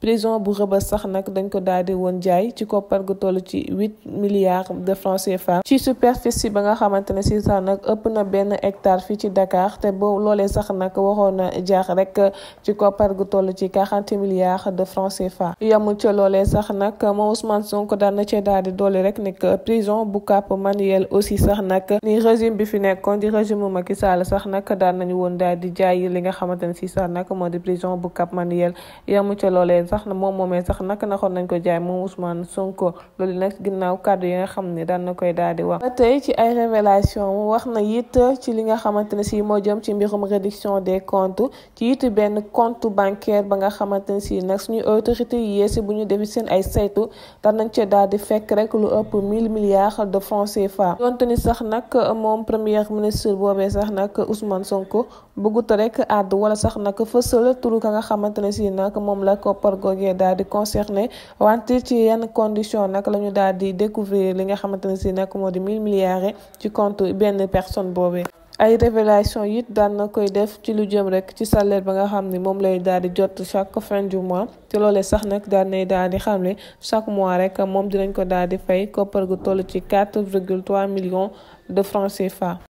prison bu Rebeuss sax nag dañ ko daal di woon jaay ci koppar gu toll ci huit milliards de francs CFA ci superficie ba nga xamante ne si sax nag ëpp na benn hectare fii ci Dakar te boo loolee sax nag waxoon na jaax rek ci koppar gu toll ci quarante milliards de francs CFA yamul ca loolee sax nag moom Ousmane Sonko daan na cee daal di dolli rek nekk prison bu Cap Manuel aussi sax nag ni régime bi fi nekkoon di régime Macky Sall sax nag daan nañu woon daal di jaay li nga xamante ne si sax nag moo di prison bu Cap Manuel yamul ca loolee sax na moom moomee sax naka naxoon nañ ko jaay moom Ousmane Sonko loolu nag ginnaaw kàddu yi nga xam ne daan na koy daal di wax. ba tey ci ay révélation wax na it ci li nga xamante ne si moo jëm ci mbirum réduction des comptes ci it benn compte bancaire ba nga xamante ne si nag suñu autorité yi yeesi bu ñu defi seen ay saytu daan nañ cee daal di fekk rek lu ëpp 1000 milliards de francs CFA. donte ni sax nag moom premier ministre boobee sax nag Ousmane Sonko bëggut rek àdd wala sax nag fësal turu ka nga xamante ne si moom la koppar. googee daal di concerné wante ci yenn condition nag la ñu daal di découvrir li nga xamante ne si nag moo di mille milliards ci compte benn personne boobee. ay révélation yit daan na koy def ci lu jëm rek ci salaire ba nga xam ni moom lay daal di jot chaque fin du mois te loolee sax nag daan nay daal di xamle chaque mois rek moom dinañ ko daal di fay koppar gu toll ci 4,3 millions de francs CFA.